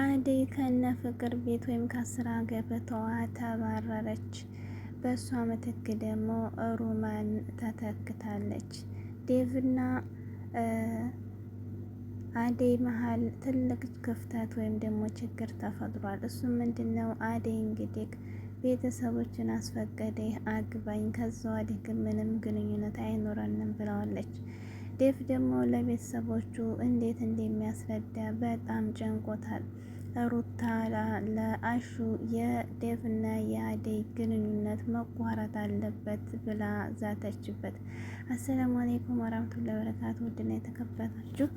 አደይ ከነ ፍቅር ቤት ወይም ከስራ ገበታዋ ተባረረች። በእሷ ምትክ ደግሞ ሩማን ተተክታለች። ዴቭና አደይ መሀል ትልቅ ክፍተት ወይም ደግሞ ችግር ተፈጥሯል። እሱ ምንድን ነው? አደይ እንግዲህ ቤተሰቦችን አስፈቀደ አግባኝ፣ ከዛ ወዲህ ግን ምንም ግንኙነት አይኖረንም ብለዋለች። ዴፍ ደግሞ ለቤተሰቦቹ እንዴት እንደሚያስረዳ በጣም ጨንቆታል። ሩታ ለአሹ የዴቭና የአደይ ግንኙነት መቋረጥ አለበት ብላ ዛተችበት። አሰላሙ አሌይኩም ወራህመቱላሂ ወበረካቱ። ውድና የተከበራችሁ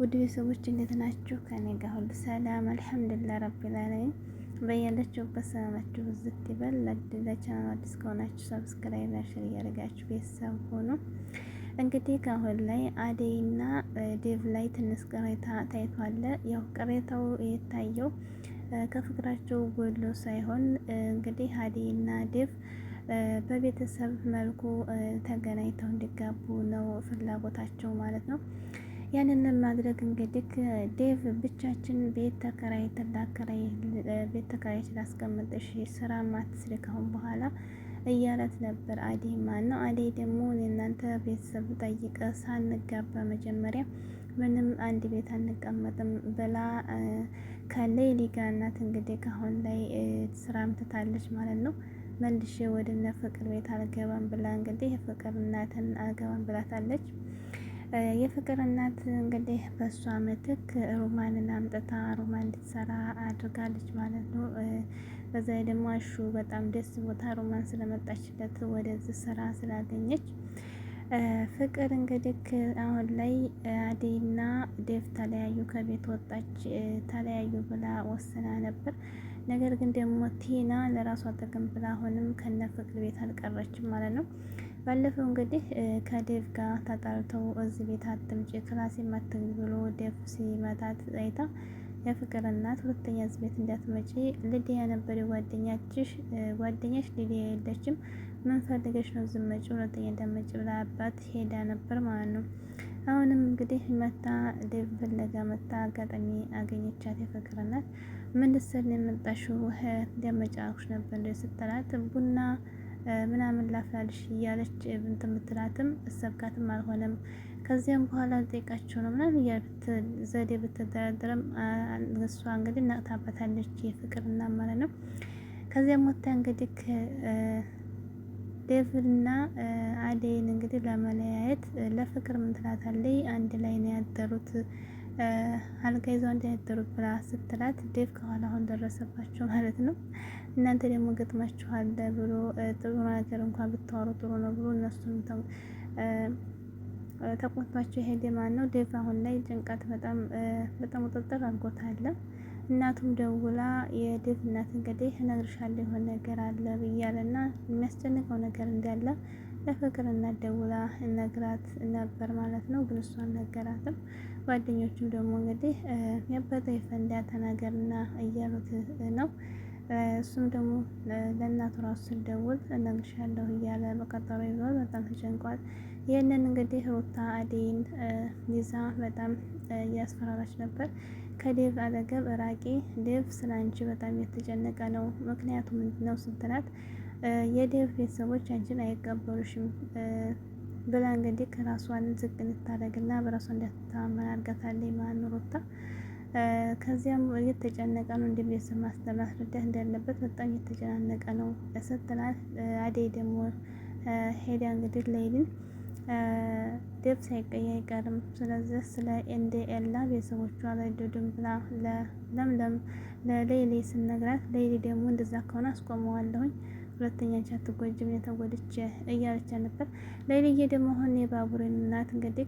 ውድ ቤተሰቦች እንዴት ናችሁ? ከኔ ጋር ሁሉ ሰላም አልሐምዱሊላህ ረቢል አለሚን። በያላችሁበት ሰላማችሁ ዝት ይበል። ለቻናል አዲስ ከሆናችሁ ሰብስክራይብ፣ ላይክ፣ ሼር እያደረጋችሁ ቤተሰብ ሆኑ። እንግዲህ ከአሁን ላይ አደይና ዴቭ ላይ ትንሽ ቅሬታ ታይቷል። ያው ቅሬታው የታየው ከፍቅራቸው ጎሎ ሳይሆን እንግዲህ አደይና ዴቭ በቤተሰብ መልኩ ተገናኝተው እንዲጋቡ ነው ፍላጎታቸው ማለት ነው። ያንን ማድረግ እንግዲህ ዴቭ ብቻችን ቤት ተከራይተን ቤት ተከራይተን ላስቀምጥሽ ስራ ማትስሪ ካሁን በኋላ እያላት ነበር። አደይ ማን ነው? አደይ ደግሞ እናንተ ቤተሰብ ጠይቀ ሳንጋባ መጀመሪያ ምንም አንድ ቤት አንቀመጥም ብላ ከሌሊ ጋር እናት እንግዲህ ካሁን ላይ ስራም ትታለች ማለት ነው። መልሼ ወደነ ፍቅር ቤት አልገባም ብላ እንግዲህ የፍቅር እናትን አልገባም ብላታለች። የፍቅር እናት እንግዲህ በእሷ ምትክ ሩማንን አምጥታ ሩማን እንድትሰራ አድርጋለች ማለት ነው። በዛ ደግሞ አሹ በጣም ደስ ቦታ ሮማን ስለመጣችለት ወደዚህ ስራ ስላገኘች ፍቅር እንግዲህ አሁን ላይ አዴና ዴቭ ተለያዩ፣ ከቤት ወጣች ተለያዩ ብላ ወስና ነበር። ነገር ግን ደግሞ ቲና ለራሷ ጥቅም ብላ አሁንም ከነ ፍቅር ቤት አልቀረችም ማለት ነው። ባለፈው እንግዲህ ከዴቭ ጋር ተጣልተው እዚህ ቤት አትምጭ ክላሴ ማትግቢ ብሎ ዴቭ ሲመታት አይታ የፍቅር እናት ሁለተኛ እዚህ ቤት እንዳትመጪ ልድያ ነበር ጓደኛችሽ ጓደኛሽ ልድያ የለችም ምን ፈልገሽ ነው ዝም መጪ ሁለተኛ እንዳትመጪ ብላ አባት ሄዳ ነበር ማለት ነው አሁንም እንግዲህ መታ ዴቭ ፍለጋ መታ አጋጣሚ አገኘቻት የፍቅር እናት ምን ልትሰሪ ነው የመጣሽው ደመጫ አልኩሽ ነበር እንደ ስትላት ቡና ምናምን ላፍላልሽ እያለች እንትን ብትላትም እሰብካትም አልሆነም። ከዚያም በኋላ ልጠይቃቸው ነው ምናምን እያልኩት ዘዴ ብትደረደረም እሷ እንግዲህ ናቅታባታለች የፍቅርና ማለት ነው። ከዚያም ወታ እንግዲህ ዴቭና አደይን እንግዲህ ለመለያየት ለፍቅር ምንትላታለይ አንድ ላይ ነው ያደሩት። አልጋ ይዘው እንዳይደሩ ብላ ስትላት ዴቭ ከኋላ አሁን ደረሰባቸው ማለት ነው። እናንተ ደግሞ ገጥማችኋል ብሎ ጥሩ ነገር እንኳን ብታወሩ ጥሩ ነው ብሎ እነሱም ተቆጥቷቸው የሄደ ማን ነው ዴቭ አሁን ላይ ጭንቀት በጣም በጣም ቁጥጥር አድርጎታል። እናቱም ደውላ የዴቭ እናት እንግዲህ እነግርሻለሁ የሆነ ነገር አለ ብያለና የሚያስጨንቀው ነገር እንዳለ ለፍቅር እናት ደውላ ነግራት ነበር ማለት ነው። ግን እሷን ነገራትም ጓደኞቹም ደግሞ እንግዲህ የአባተ የፈንዳ ተናገርና እያሉት ነው። እሱም ደግሞ ለእናቱ ራሱ ስደውል እነግርሻለሁ እያለ በቀጠሮ ይዟል። በጣም ተጨንቋል። ይህንን እንግዲህ ሩታ አደይን ይዛ በጣም እያስፈራራች ነበር። ከዴቭ አጠገብ ራቂ፣ ዴቭ ስለ አንቺ በጣም የተጨነቀ ነው። ምክንያቱ ምንድነው ስትላት የዴቭ ቤተሰቦች አንቺን አይቀበሉሽም ብላ እንግዲህ ከራሷን ዝቅ እንድታደርግና በራሷ እንዳትተማመን አድርጋታለች። ማን ሩታ ከዚያም እየተጨነቀ ነው እንደ ቤተሰብ ማስረዳት እንዳለበት በጣም እየተጨናነቀ ነው ስትላት፣ አደይ ደግሞ ሄዳ እንግዲህ ለይልን ደብ ሳይቀይ አይቀርም። ስለዚህ ስለ እንደ ኤላ ቤተሰቦቿ ለዱድም ብላ ለለምለም ለሌሊ ስነግራት ሌሊ ደግሞ እንደዛ ከሆነ አስቆመዋለሁኝ ሁለተኛ አንቺ አትጎጂም የተጎድች እያለች ነበር። ሌሊዬ ደግሞ አሁን የባቡር እናት እንግዲህ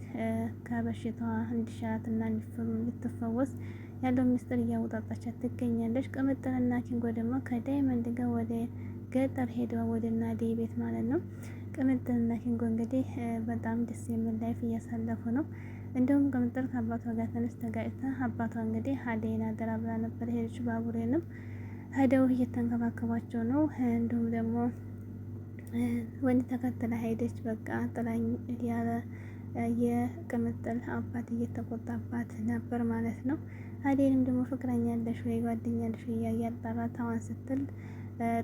ከበሽታዋ እንዲሻላትና እንድትፈወስ ያለው ምስጢር እያወጣጣቻት ትገኛለች። ቅምጥልና ኪንጎ ደግሞ ከዳይመንድ ጋር ወደ ገጠር ሄደዋ ወደ ናዴ ቤት ማለት ነው። ቅምጥልና ኪንጎ እንግዲህ በጣም ደስ የሚል ላይፍ እያሳለፉ ነው። እንዲሁም ቅምጥል ከአባቷ ጋር ትንሽ ተጋጭታ አባቷ እንግዲህ ሀዴን አደራ ብላ ነበር ሄደች ባቡሬንም ሄደው እየተንከባከባቸው ነው። እንዲሁም ደግሞ ወንድ ተከትላ ሄደች። በቃ ጥላኝ ያለ የቅምጥል አባት እየተቆጣባት ነበር ማለት ነው። አዴንም ደግሞ ፍቅረኛ ያለሽ ወይ ጓደኛ ያለሽ እያየ አጣራታዋን ስትል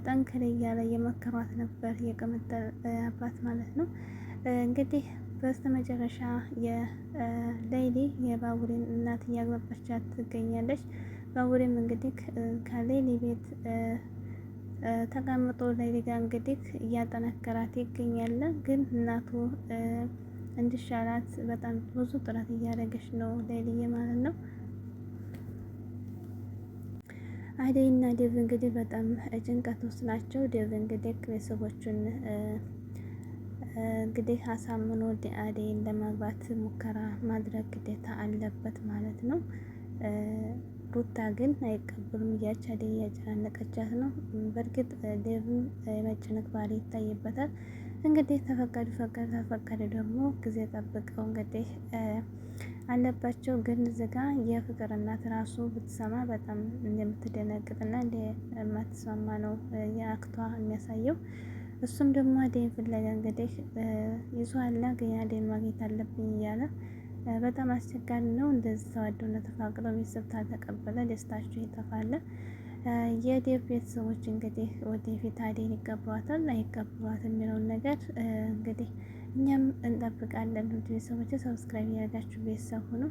ጠንክሬ እያለ የመከሯት ነበር የቅምጥል አባት ማለት ነው። እንግዲህ በስተ መጨረሻ የሌይሊ የባቡሬን እናት እያግባባቻት ትገኛለች። ባቡሬም እንግዲህ ከሌሊ ቤት ተቀምጦ ሌሊ ጋር እንግዲህ እያጠነከራት ይገኛል። ግን እናቱ እንዲሻላት በጣም ብዙ ጥረት እያደረገች ነው ሌሊዬ ማለት ነው። አደይ እና ዴቭ እንግዲህ በጣም ጭንቀት ውስጥ ናቸው። ዴቭ እንግዲህ ቤተሰቦቹን እንግዲህ አሳምኖ አደይን ለማግባት ሙከራ ማድረግ ግዴታ አለበት ማለት ነው። ሩታ ግን አይቀበሉም እያች አደይ እያጨናነቀቻት ነው። በእርግጥ ዴቭም የመጨነቅ ባህሪ ይታይበታል። እንግዲህ ተፈቀዱ ፈቀዱ ተፈቀደ ደግሞ ጊዜ ጠብቀው እንግዲህ አለባቸው። ግን ዝጋ የፍቅር እናት ራሱ ብትሰማ በጣም እንደምትደነግጥና እንደማትስማማ ነው የአክቷ የሚያሳየው። እሱም ደግሞ አደይን ፍለጋ እንግዲህ ይዞ አላ ገና አደይን ማግኘት አለብኝ እያለ በጣም አስቸጋሪ ነው። እንደዚህ ተዋደውና ተፋቅረው ቤተሰብታ ተቀበለ ደስታችሁ ይጠፋል። የዴቭ ቤተሰቦች እንግዲህ ወደፊት አዴን ይቀበሏታል አይቀበሏትም የሚለውን ነገር እንግዲህ እኛም እንጠብቃለን። ቤተሰቦች ሰብስክራይብ ያደርጋችሁ ቤተሰብ ሁኑ።